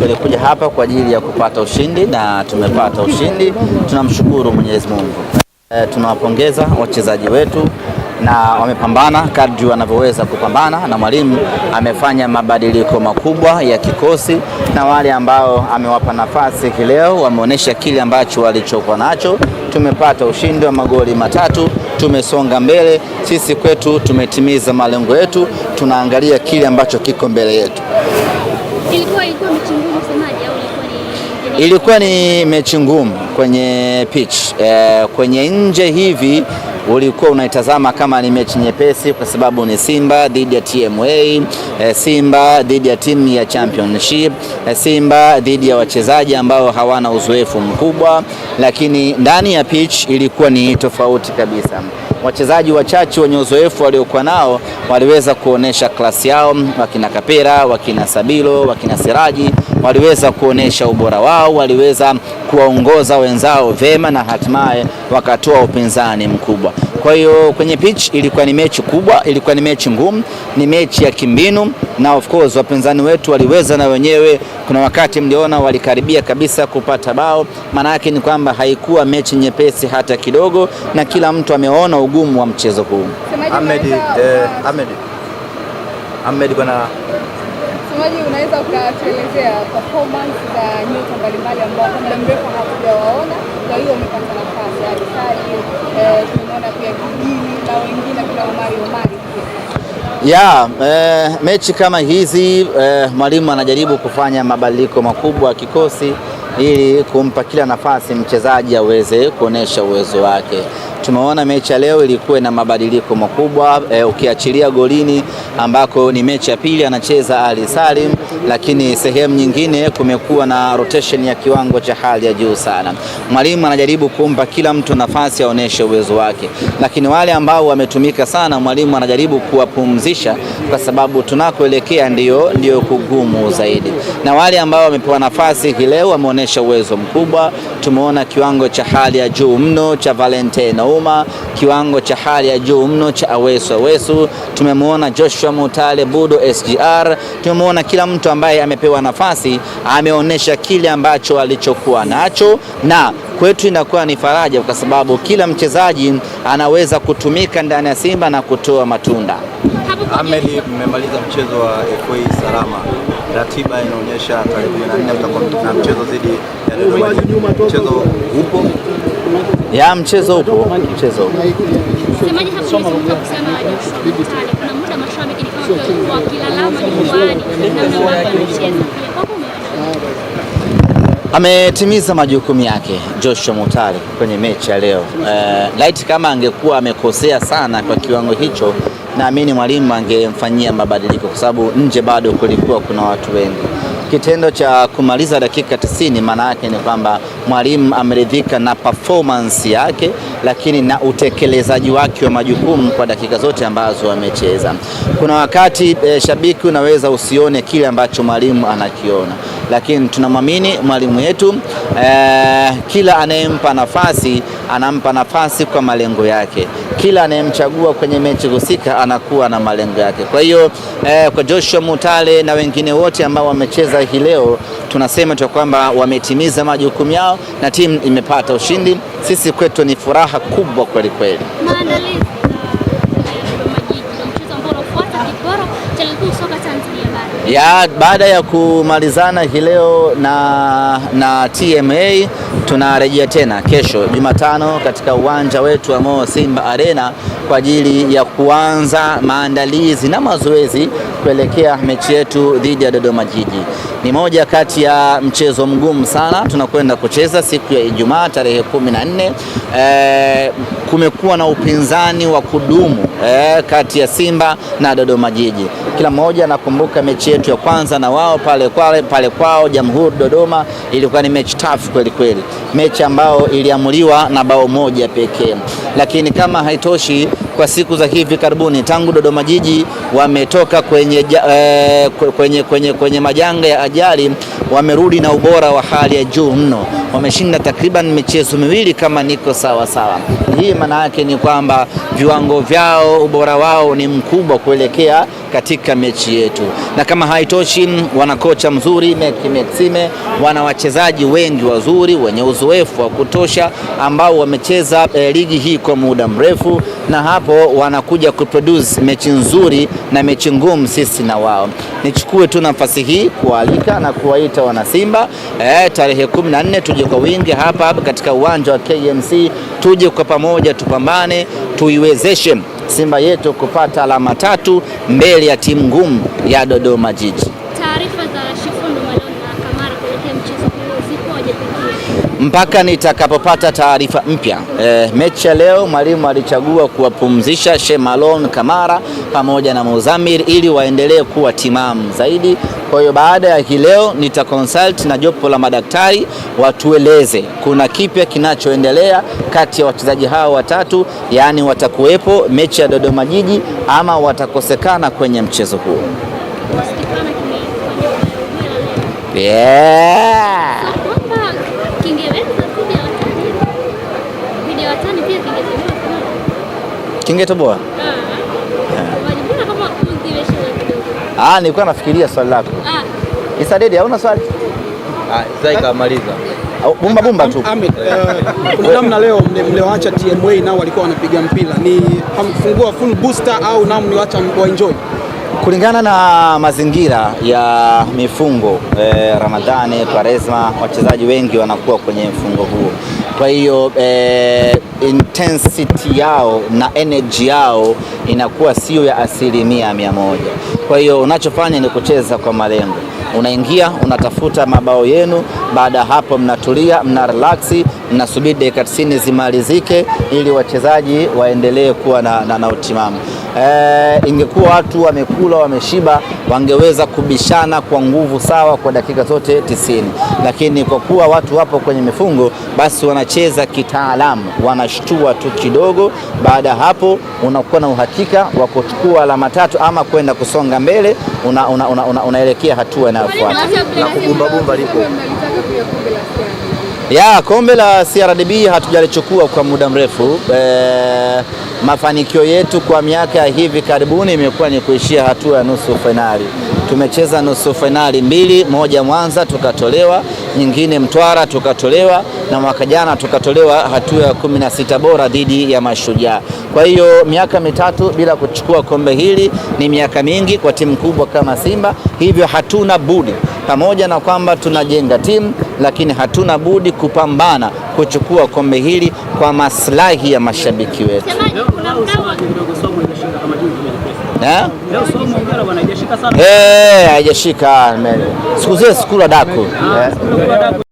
tulikuja hapa kwa ajili ya kupata ushindi na tumepata ushindi. Tunamshukuru Mwenyezi Mungu. E, tunawapongeza wachezaji wetu na wamepambana kadri wanavyoweza kupambana, na mwalimu amefanya mabadiliko makubwa ya kikosi, na wale ambao amewapa nafasi leo wameonyesha kile ambacho walichokuwa nacho. Tumepata ushindi wa magoli matatu, tumesonga mbele. Sisi kwetu tumetimiza malengo yetu, tunaangalia kile ambacho kiko mbele yetu. ilikuwa ilikuwa mchungu Ilikuwa ni mechi ngumu kwenye pitch e, kwenye nje hivi ulikuwa unaitazama kama ni mechi nyepesi, kwa sababu ni Simba dhidi ya TMA e, eh, Simba dhidi ya timu ya Championship e, Simba dhidi ya wachezaji ambao hawana uzoefu mkubwa, lakini ndani ya pitch ilikuwa ni tofauti kabisa. Wachezaji wachache wenye uzoefu waliokuwa nao waliweza kuonesha klasi yao, wakina Kapera, wakina Sabilo, wakina Siraji waliweza kuonesha ubora wao, waliweza kuwaongoza wenzao vema na hatimaye wakatoa upinzani mkubwa. Kwa hiyo kwenye pitch ilikuwa ni mechi kubwa, ilikuwa ni mechi ngumu, ni mechi ya kimbinu, na of course wapinzani wetu waliweza na wenyewe. Kuna wakati mliona walikaribia kabisa kupata bao, maana yake ni kwamba haikuwa mechi nyepesi hata kidogo, na kila mtu ameona ugumu wa mchezo huu. Ahmed, eh, Ahmed. Ahmed bwana Mtazamaji, unaweza ukatuelezea performance za nyota mbalimbali ambao kwa muda mrefu hatujawaona, kwa hiyo umepata nafasi ya Alisari, eh, tumeona pia Kigini na wengine, kuna Omari Omari ya yeah, eh, mechi kama hizi eh, mwalimu anajaribu kufanya mabadiliko makubwa ya kikosi ili kumpa kila nafasi mchezaji aweze kuonesha uwezo wake. Tumeona mechi ya leo ilikuwa na mabadiliko makubwa e, ukiachilia golini ambako ni mechi ya pili anacheza Ali Salim, lakini sehemu nyingine kumekuwa na rotation ya kiwango cha hali ya juu sana. Mwalimu anajaribu kumpa kila mtu nafasi aoneshe uwezo wake, lakini wale ambao wametumika sana, mwalimu anajaribu kuwapumzisha, kwa sababu tunakoelekea ndio ndio kugumu zaidi, na wale ambao wamepewa nafasi hii leo ameonyesha uwezo mkubwa. Tumeona kiwango cha hali ya juu mno cha Valentine Nauma, kiwango cha hali ya juu mno cha Awesu Awesu, tumemwona Joshua Mutale Budo SGR, tumemwona kila mtu ambaye amepewa nafasi ameonyesha kile ambacho alichokuwa nacho na kwetu inakuwa ni faraja kwa sababu kila mchezaji anaweza kutumika ndani ya Simba na kutoa matunda. Ameli, mmemaliza mchezo wa FA salama ratiba inaonyesha tarehe 14 tutakuwa na mchezo dhidi ya Dodoma. Mchezo upo ya mchezo upo, mchezo upo. Ametimiza majukumu yake Joshua Mutale kwenye mechi ya leo. Uh, eh, light kama angekuwa amekosea sana kwa kiwango hicho naamini mwalimu angemfanyia mabadiliko, kwa sababu nje bado kulikuwa kuna watu wengi. Kitendo cha kumaliza dakika tisini maana yake ni kwamba mwalimu ameridhika na performance yake, lakini na utekelezaji wake wa majukumu kwa dakika zote ambazo amecheza. Kuna wakati e, shabiki unaweza usione kile ambacho mwalimu anakiona, lakini tunamwamini mwalimu yetu e, eh, kila anayempa nafasi anampa nafasi kwa malengo yake kila anayemchagua kwenye mechi husika anakuwa na malengo yake. Kwa hiyo eh, kwa Joshua Mutale na wengine wote ambao wamecheza hii leo, tunasema tu kwamba wametimiza majukumu yao na timu imepata ushindi. Sisi kwetu ni furaha kubwa kweli kweli. ya baada ya kumalizana hileo na, na TMA tunarejea tena kesho Jumatano katika uwanja wetu wa Mo Simba Arena kwa ajili ya kuanza maandalizi na mazoezi kuelekea mechi yetu dhidi ya Dodoma Jiji. Ni moja kati ya mchezo mgumu sana tunakwenda kucheza siku ya Ijumaa tarehe kumi na nne. E, kumekuwa na upinzani wa kudumu e, kati ya Simba na Dodoma Jiji kila mmoja anakumbuka mechi yetu ya kwanza na wao pale kwao, pale kwao Jamhuri Dodoma, ilikuwa ni mechi tafu kweli kweli, mechi ambayo iliamuliwa na bao moja pekee. Lakini kama haitoshi, kwa siku za hivi karibuni, tangu Dodoma Jiji wametoka kwenye, eh, kwenye, kwenye, kwenye majanga ya ajali, wamerudi na ubora wa hali ya juu mno. Wameshinda takriban michezo miwili kama niko sawa sawa. Hii maana yake ni kwamba viwango vyao, ubora wao ni mkubwa kuelekea katika mechi yetu, na kama haitoshi, wana kocha mzuri Meki Maxime, wana wachezaji wengi wazuri wenye uzoefu wa kutosha ambao wamecheza eh, ligi hii kwa muda mrefu, na hapo wanakuja kuproduce mechi nzuri na mechi ngumu sisi na wao. Nichukue tu nafasi hii kualika na kuwaita wanasimba eh, tarehe 14 tuje kwa wingi hapa hapa katika uwanja wa KMC, tuje kwa pamoja tupambane, tuiwezeshe Simba yetu kupata alama tatu mbele ya timu ngumu ya Dodoma Jiji. mpaka nitakapopata taarifa mpya. E, mechi ya leo mwalimu alichagua kuwapumzisha Shemalon Kamara pamoja na Muzamir ili waendelee kuwa timamu zaidi. Kwa hiyo baada ya hii leo nita consult na jopo la madaktari watueleze kuna kipya kinachoendelea kati ya wachezaji hao watatu, yaani watakuwepo mechi ya Dodoma Jiji ama watakosekana kwenye mchezo huo. Yeah. Kingetoboa? Ah. ah, nilikuwa nafikiria swali lako. Ah. Isa Dede, hauna swali? Ah, Kamaliza eh? bumba bumba tu. Eh, kuna namna leo mlioacha TMA nao walikuwa wanapiga mpira, ni hamkufungua full booster au nao mliwacha wa enjoy? Kulingana na mazingira ya mifungo eh, Ramadhani, Kwaresma, wachezaji wengi wanakuwa kwenye mfungo huo. Kwa hiyo eh, intensity yao na energy yao inakuwa sio ya asilimia mia moja. Kwa hiyo unachofanya ni kucheza kwa malengo, unaingia unatafuta mabao yenu. Baada ya hapo, mnatulia mna relaksi, mnasubiri dakika 90 zimalizike, ili wachezaji waendelee kuwa na, na, na utimamu e, ingekuwa watu wamekula wameshiba, wangeweza kubishana kwa nguvu sawa kwa dakika zote tisini, lakini kwa kuwa watu wapo kwenye mifungo, basi wanacheza kitaalamu, wanashtua tu kidogo. Baada ya hapo, unakuwa na uhakika wa kuchukua alama tatu ama kwenda kusonga mbele, unaelekea una, una, una, una hatua inayofuata na kubumbabumba lipo ya kombe la CRDB hatujalichukua kwa muda mrefu e, mafanikio yetu kwa miaka ya hivi karibuni imekuwa ni kuishia hatua ya nusu fainali. Tumecheza nusu fainali mbili, moja Mwanza tukatolewa, nyingine Mtwara tukatolewa, na mwaka jana tukatolewa hatua ya kumi na sita bora dhidi ya Mashujaa. Kwa hiyo miaka mitatu bila kuchukua kombe hili ni miaka mingi kwa timu kubwa kama Simba, hivyo hatuna budi pamoja na kwamba tunajenga timu, lakini hatuna budi kupambana kuchukua kombe hili kwa maslahi ya mashabiki wetu. Eh? Eh, haijashika siku zile sikula daku. Ah,